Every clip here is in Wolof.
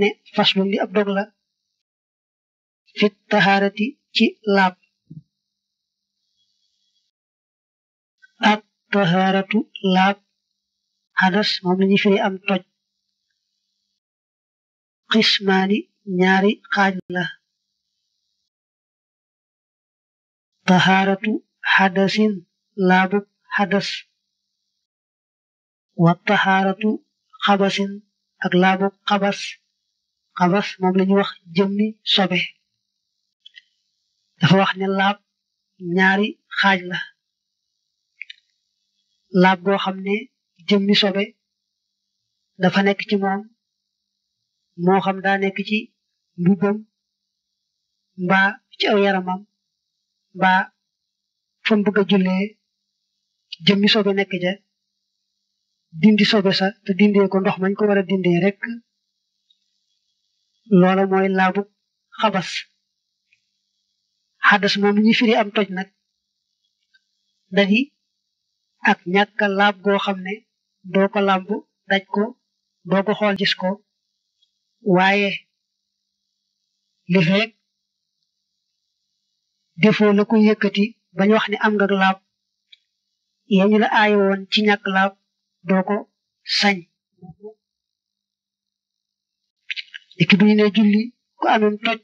ne faslun li ab dog la fit taharati ci lab at taharatu lab hadas mom lañu fi am toj qismani ñaari xaj la taharatu hadasin labu hadas wa taharatu khabasin ak labu khabas xabas moom la wax jëmmi sobe dafa wax ne laab ñaari xaaj la laab goo xam ne jëmmi sobe dafa nekk ci moom moo xam daa nekk ci mbubbam mbaa ci aw yaramam mbaa fa mu bëgg a jullee sobe nekk ja dindi sobe sax te dindee ko ndox mañ ko war a dindee rek loola mooy laabu xabas xadas moom ñi firi am toj nag dafi ak ñàkk lab goo xam ne doo ko làmb daj ko doo ko xool gis ko waaye li feek defoo la ko yëkkati bañ wax ni am nga laab yee ñu la aaye ci ñàkk laab doo sañ iki bi ne julli ko amoon toj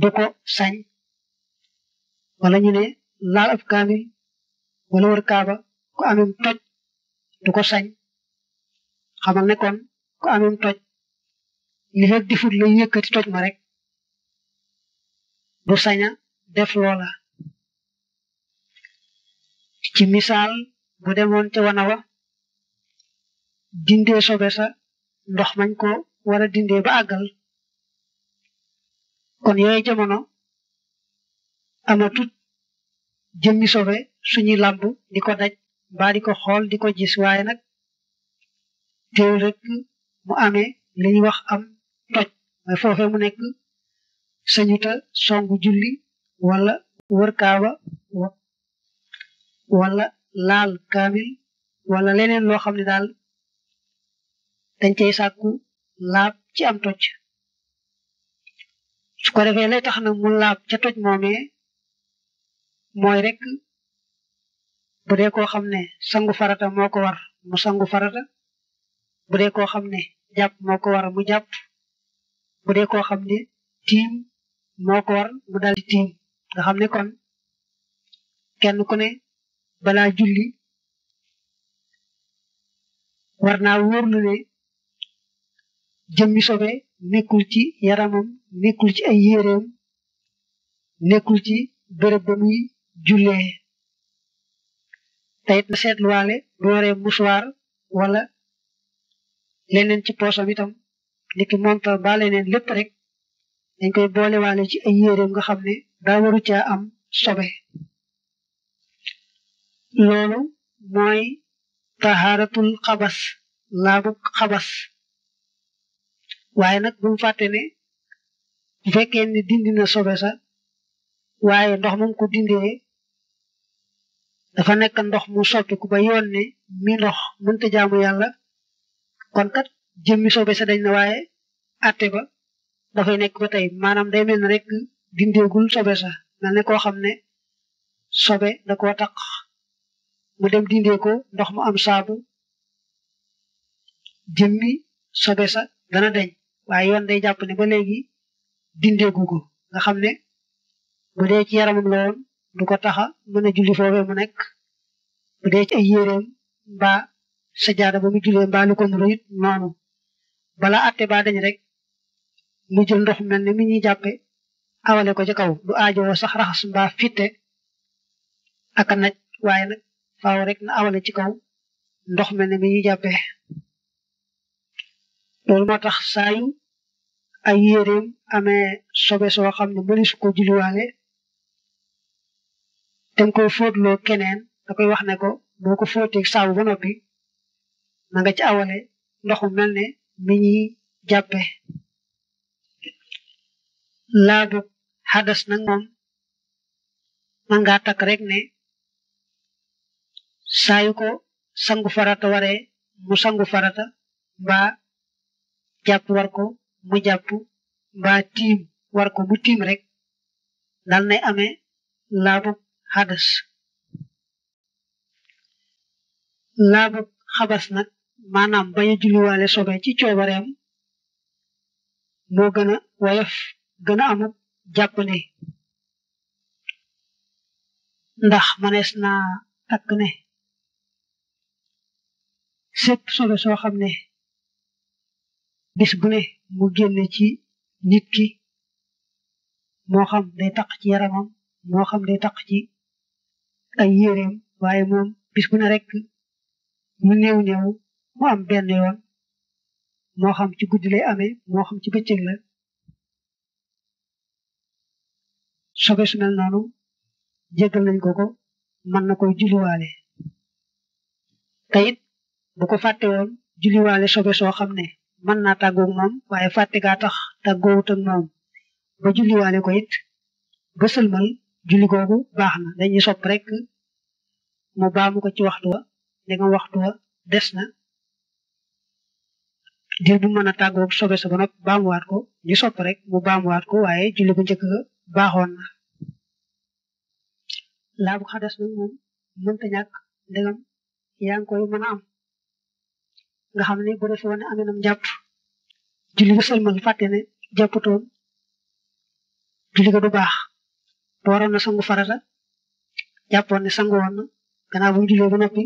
du ko sañ wala ñu ne laal af kaamil wala war kaaba ko amoon toj du ko sañ xamal ne kon ku amoon toj li di difut la yëkkati toj ma rek du saña def loola ci misal bu demoon ci wanawa dindee sobe sa ndox mañ ko war a dindee ba àggal kon yooyu jamono amatu jëmmi sobe suñuy làmb di ko daj mbaa di ko xool di ko gis waaye nag teew rek mu amee li wax am toj mooy foofee mu nekk sañuta songu julli wala wër kaaba wala laal kaamil wala leneen loo xam ne daal dañ cey sàkku laab ci am toj su ko defee lay tax na mu laab ca toj moomee mooy rek bu dee koo xam ne sangu farata moo war mu sangu farata bu ko xam ne jàpp moo war mu jàpp bu dee xam ne tiim moo ko war mu dal tiim nga xam ne kon kenn ku ne balaa julli war naa jëmmi sobe nekkul ci yaramam nekkul ci ay yéreem nekkul ci bërëb ba muy jullee te it na seetluwaale bu waree musuwaar wala leneen ci poosam itam niki montal ba leneen lépp rek dañ koy boolewaale ci ay yéreem nga xam ne daa waru caa am sobe loolu mooy tahaaratul xabas laabu xabas waaye nag bu mu fàtte ne bu fekkee ne sobe sa waaye ndox moom ko dindee dafa nekk ndox mu soppiku ba yoon ne mi ndox mënta jaamu yàlla kon kat jëmmi sobe sa dañ na waaye atte ba dafay nekk ba tey maanaam day mel ne rek dindeegul sobe sax mel ne koo xam ne sobe da koo taq mu dem dindee ko ndox mu am saabu jëmmi sobe sax dana deñ waaye yoon day jàpp ne ba léegi dindeegu ko nga xam ne bu dee ci yaramam la ko taxa mën a julli foofee mu nekk bu dee ci ay yéreem mbaa ba mu jullee mbaa lu ko mu it noonu bala atte ba dañ rek mu jël ndox mel ne mi ñuy jàppe awale ko ci kaw du aajowoo sax raxas mbaa fitte aka naj waaye nag faaw rek na awale ci kaw ndox mel ne mi ñuy jàppe loolu tax saa ay yéreem amee sobe soo xam ne mënees ko julliwaale te koy fóotloo keneen da koy wax ne ko boo ko fóoteeg saabu ba noppi na nga ci awale ndoxu mel ne mi ñuy jàppe laabu xadas nag moom man ngaa takk rek ne saa yu ko sangu farata waree mu sangu farata mbaa jàpp war ko mu japp mbaa tim war ko mu tim rek dal nay amé labu hadas labu khabas nak manam baye julli walé sobé ci coobareem mo gëna wayef gëna am a amub ndax manes na tak né sepp sobe so xamné bis bu ne mu génne ci nit ki moo xam day taq ci yaramam moo xam day taq ci ay yéreem waaye moom bis bu ne rek mu néew néew mu am benn yoon moo xam ci guddi lay amee moo xam ci bëccëg la sobe su mel noonu jéggal nañ ko ko mën na koy julliwaale te it bu ko fàtte woon julliwaale soo xam ne mën naa tàggoog moom waaye fàtte gaa tax tàggoowut ak moom ba julliwaale ko it ba sëlmal julli googu baax na dañuy sopp rek mu baamu ko ci waxtu wa nga waxtu wa des na diir bu mën a tàggoog sobe sa ba noppi baamuwaat ko ñu sopp rek mu baamuwaat ko waaye julli bu njëkk baaxoon na laabu xades nag moom mënta ñàkk ndegam yaa koy mën a am nga xam ne bu defee woon ne amee na mu jàpp julli bu sëlmal ne jàpputoon julli ga du baax te waroon na sangu farata jàppoon ne sangu woon na bu jullee ba noppi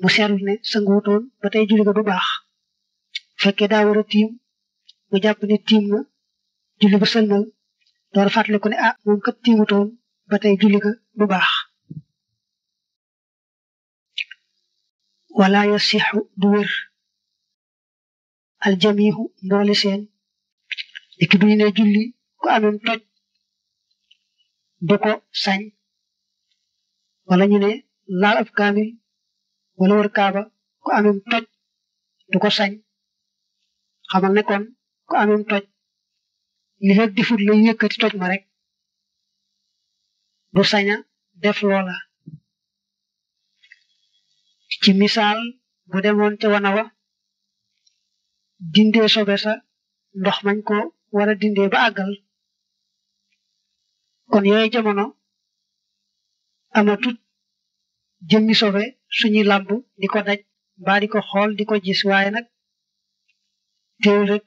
mu seetlu sangu wutoon ba tey julli ga du baax fekkee daa war a tiim mu jàpp ne tiim na julli bu sëlmal door fàttaliku ne ah moom kat tiimutoon ba tey julli ga du baax. wala yasixu du wér aljamihu mboole iki buñu julli ku amem toj du sañ wala ñu ne laal wala wër kaaba ku amem toj du ko sañ xamal ne kon ku amem toj li difut la yëkkati ma rek du saña def loola ci misal bu demoon ca wana wa dindee sobe sa ndox mañ ko wara dindee ba àggal kon yooyu jamono amatut jëmmi sobe suñuy làmb di ko daj mbaa di ko xool di ko gis waaye nag teew rek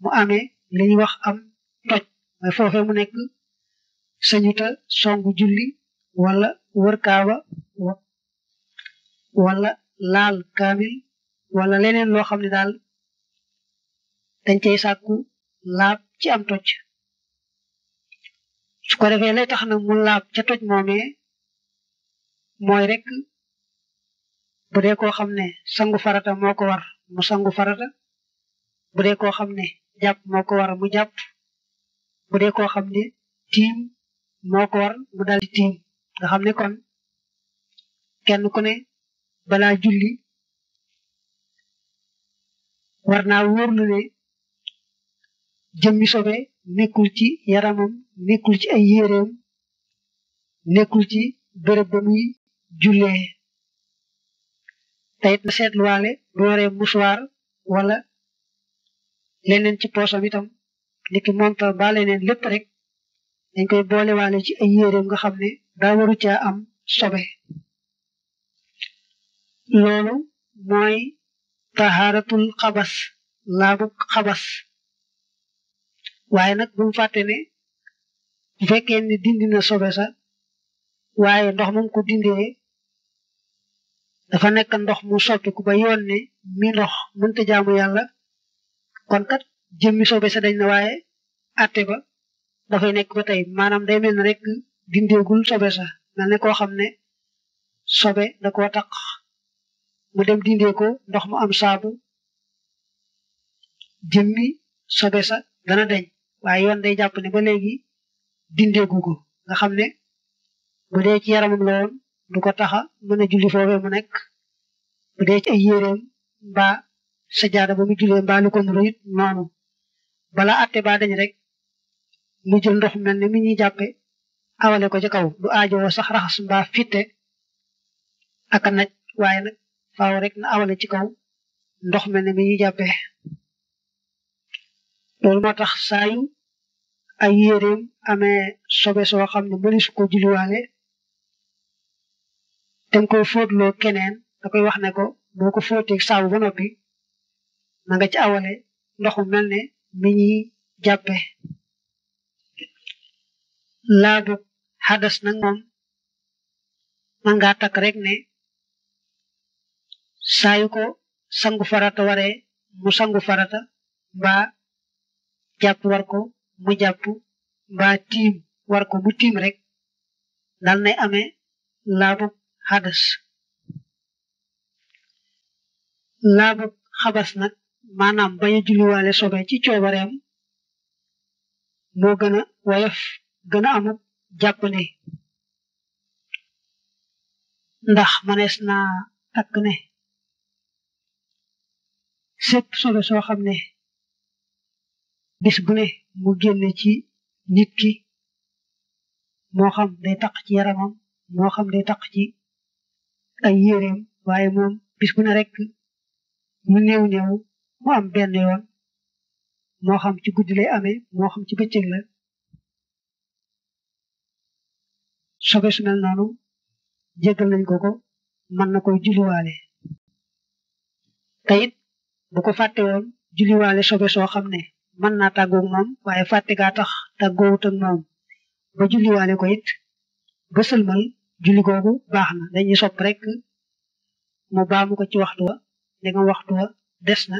mu amee li wax am toj mooy foofee mu nekk sañuta songu julli wala wër wala laal kaamil wala leneen loo xam ne daal dañ cey sàkku laab ci am toj su ko defee lay tax na mu laab ca toj moomee mooy rek bu dee koo xam ne sangu farata moo ko war mu sangu farata bu dee koo xam ne jàpp moo ko war mu jàpp bu dee xam ne tiim moo ko war mu daal di nga xam ne kon kenn ku balaa julli war naa wóorlu ne jëmmi sobe nekkul ci yaramam nekkul ci ay yéreem nekkul ci bërëb ba muy jullee tayit na seetluwaale bu waree musuwaar wala leneen ci poosam itam niki montal ba leneen lépp rek dañ koy boolewaale ci ay yéreem nga xam ne daa waru caa am sobe loolu mooy tahaaratul xabas laabu xabas waaye nag bu mu fàtte ne bu fekkee ni dindina na sobe sa waaye ndox moom ko dindee dafa nekk ndox mu soppiku ba yoon ne mi ndox mënta jaamu yàlla kon kat jëmmi sobe sa dañ na waaye atte ba dafay nekk ba tey maanaam day mel ne rek dindeegul sobe sax mel ne koo xam ne sobe da koo taq mu dem dindee ko ndox mu am saabu jëmmi sobe sa dana deñ waaye yoon day jàpp ne ba léegi dindeegu ko nga xam ne bu dee ci yaramam la woon ko taxa mën a julli foofee mu nekk bu dee ci ay mbaa sajaada ba mu jullee mbaa lu ko mu it noonu bala atte ba dañ rek mu jël ndox mel ne mi ñuy jàppe awale ko ci kaw du sax raxas mbaa fitte ak a naj waaye faaw rek na awale ci kaw ndox mel ne mi ñuy jàppee loolu tax saayu ay yéreem ame sobe soo xam ne mënees ko julliwaale dañ koy fóotloo keneen da koy wax ne ko boo ko fóotee saabu ba noppi na nga ci awale ndoxu mel ne mi ñuy jàppee laabu xadas nag moom man ngaa takk rek ne saa sangu farata waree mu sangu farata mbaa jàpp war ko mu jàpp mbaa tiim war mu tiim rek dal nay amee laabub xadas laabub xabas nag maanaam bañ a julliwaale ci coobareem moo gën a woyof gën a amub jàppale ndax manees na takk ne sépp sobe soo xam ne bis bu ne mu génne ci nit ki moo xam day taq ci yaramam moo xam day taq ci ay yéreem waaye moom bis bu ne rek mu néew néew mu am benn yoon moo xam ci guddi lay amee moo xam ci bëccëg la sobe su mel noonu jéggal nañ ko ko mën na ko julliwaale te bu ko fàtte woon julliwaale sobee soo xam ne mën naa tàggoog moom waaye fàtte gaa tax tàggoowut ak moom ba julliwaale ko it ba sëlmal julli googu baax na dañuy sopp rek mu baamu ko ci waxtu wa nga waxtu wa des na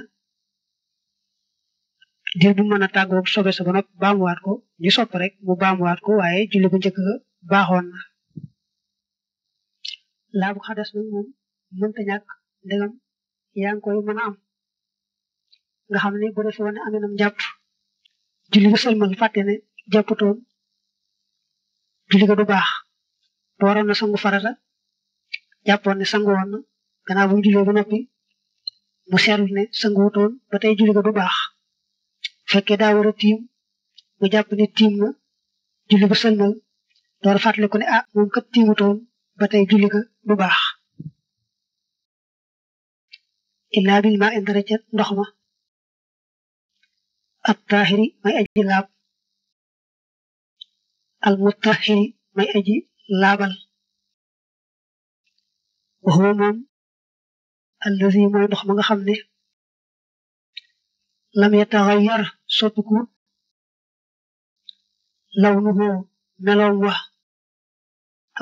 diir bu mën a tàggoog sobe sa ba nopp baamuwaat ko ñu sopp rek mu baamuwaat ko waaye julli bu njëkk ga baaxoon na laabu xadas nag moom mënta ñàkk ndegam yaa ngi koy mën a am nga xam ne bu defe woon ne na jàpp julli bu sëlmal fàtte ne jàpputoon julli du baax te waroon na sangu farata jàppoon ne sangu woon na gannaaw bu ba noppi mu seetlu ne sangu wutoon ba tey julli du baax fekkee daa war a tiim mu jàpp ne tiim na julli bu sëlmal door fàttaliku ne ah moom kat tiimutoon ba tey julli ga du baax illaa bil maa indara ndox ma الطاهر ما أجي لاب المطهر ما أجي لابل وهو من الذي ما يدخ من خمني لم يتغير صدقه لونه ملوة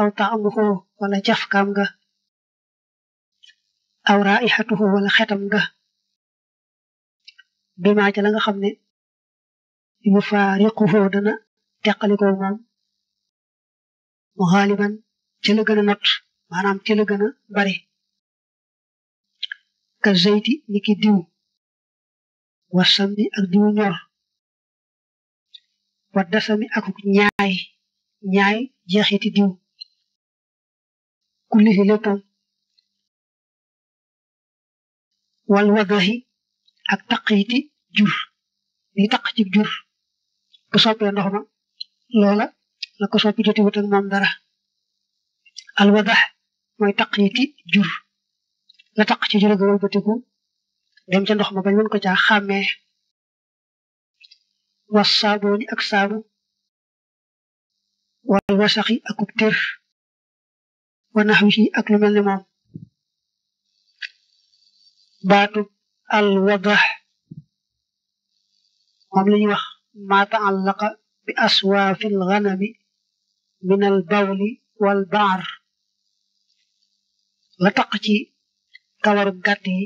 أو طعمه ولا جف كامغا أو رائحته ولا ختمغا بما جلنغ خمني yufaariquhu dana teqaliko moom mu xaaliban ci la not maanaam ci bari ka zeyti ni diw wasami ak diw ñor wa ak ñaay ñaay jeexiti diw ku lihi wal wadahi ak taqiti jur li taq jur bu soppee ndox ma loola la ko soppi joti wut moom dara alwadax mooy taq yi ci jur la taq ci jur ga wëlbatiku dem ca ndox ma bañ mën ko caa xàmmee was saabooni ak saabu wal wasaxi ak ub tër wa ak lu mel ne moom baatu alwadax moom la wax ma taallaqa bi aswaafi alganami min al bawli wal baar la taq ci kawaru gàtt yi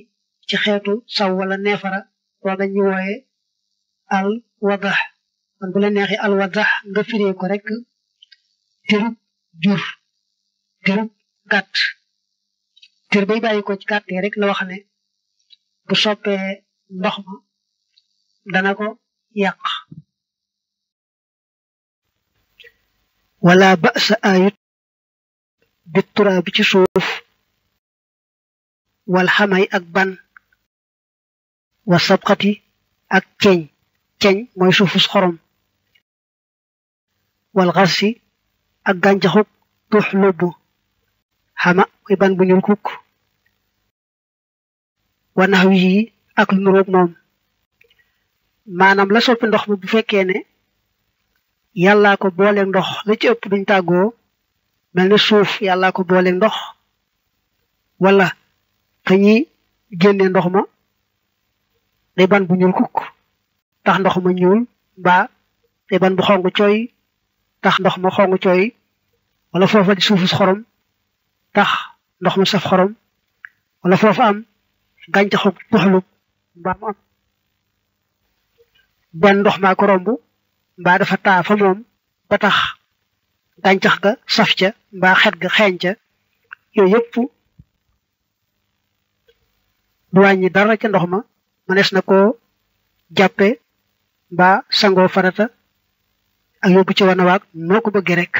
ci xeetu saw walla neefara wala ñu wooye al wadax man bu la neexee al wadax nga firee ko rek tirub jur tirub gàtt tir bay bàyyi ko ci gàtt yi rek la wax ne bu soppee ndox ma dana ko yàq wala ba'sa ayut bi ci suuf wal xamay ak ban wa sabxati ak ceeñ ceeñ mooy suufus xorom wal xarsi ak gàncaxuk tux lubbu xama mooy ban bu ñuul kukk wa nax yi ak lu nuroog moom maanaam la soppi ndox mi bu fekkee ne yàllaa ko booleeg ndox la ci ëpp duñ tàggoo mel ne suuf yàllaa ko booleeg ndox wala fa ñuy génnee ndox ma day ban bu ñuul kukk tax ndox ma ñuul mbaa day ban bu xonq cooy tax ndox ma xonq cooy wala foofa di suufu xorom tax ndox ma saf xorom wala foofa am gàncaxu am benn ndox maa ko romb mbaa dafa taafa fa moom ba tax gàncax ga saf ca mbaa xet ga xeeñ yooy yooyu yëpp du wàññi dara ca ndox ma mënees na koo jàppe mbaa sangoo farata ak yóbbu ci wana waag moo ko bëggee rek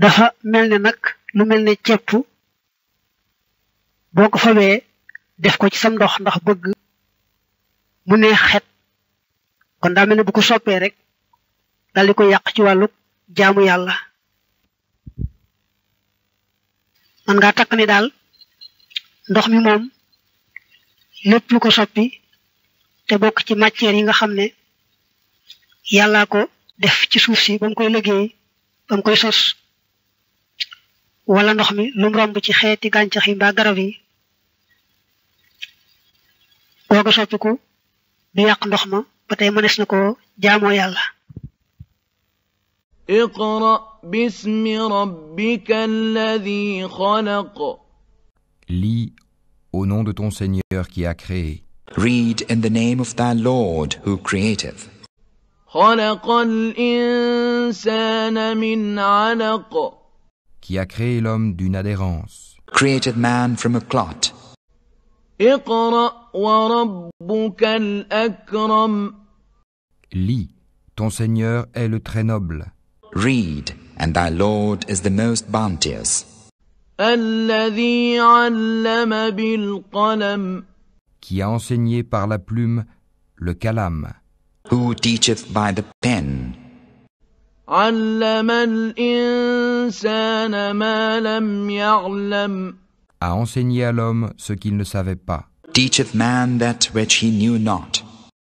dafa mel ne nag lu mel ne cepp boo ko fawee def ko ci sam ndox ndax bëgg mu neex xet kon daa mel ne bu ko soppee rek dal di ko yàq ci wàllu jaamu yàlla man ngaa takk ni daal ndox mi moom lépp lu ko soppi te bokk ci matière yi nga xam ne ko def ci suuf si ba mu koy ba koy sos wala ndox mi lu mu romb ci xeeti gàncax yi mbaa garab yi ko soppiku du yàq ndox ma ba tey mënees na ko jaamoo yàlla iqra bismi rabbika alladi xalaq lis au nom de ton Seigneur qui a créé read in the name of thy Lord who created خلق الإنسان من علق qui a créé l'homme d'une adhérence created man from a clot Lis, ton Seigneur est le très noble. Read, and thy Lord is the most bounteous. Qui a enseigné par la plume le calam. Who teacheth by the pen. علم الإنسان ما لم يعلم a enseigner à l'homme ce qu'il ne savait pas.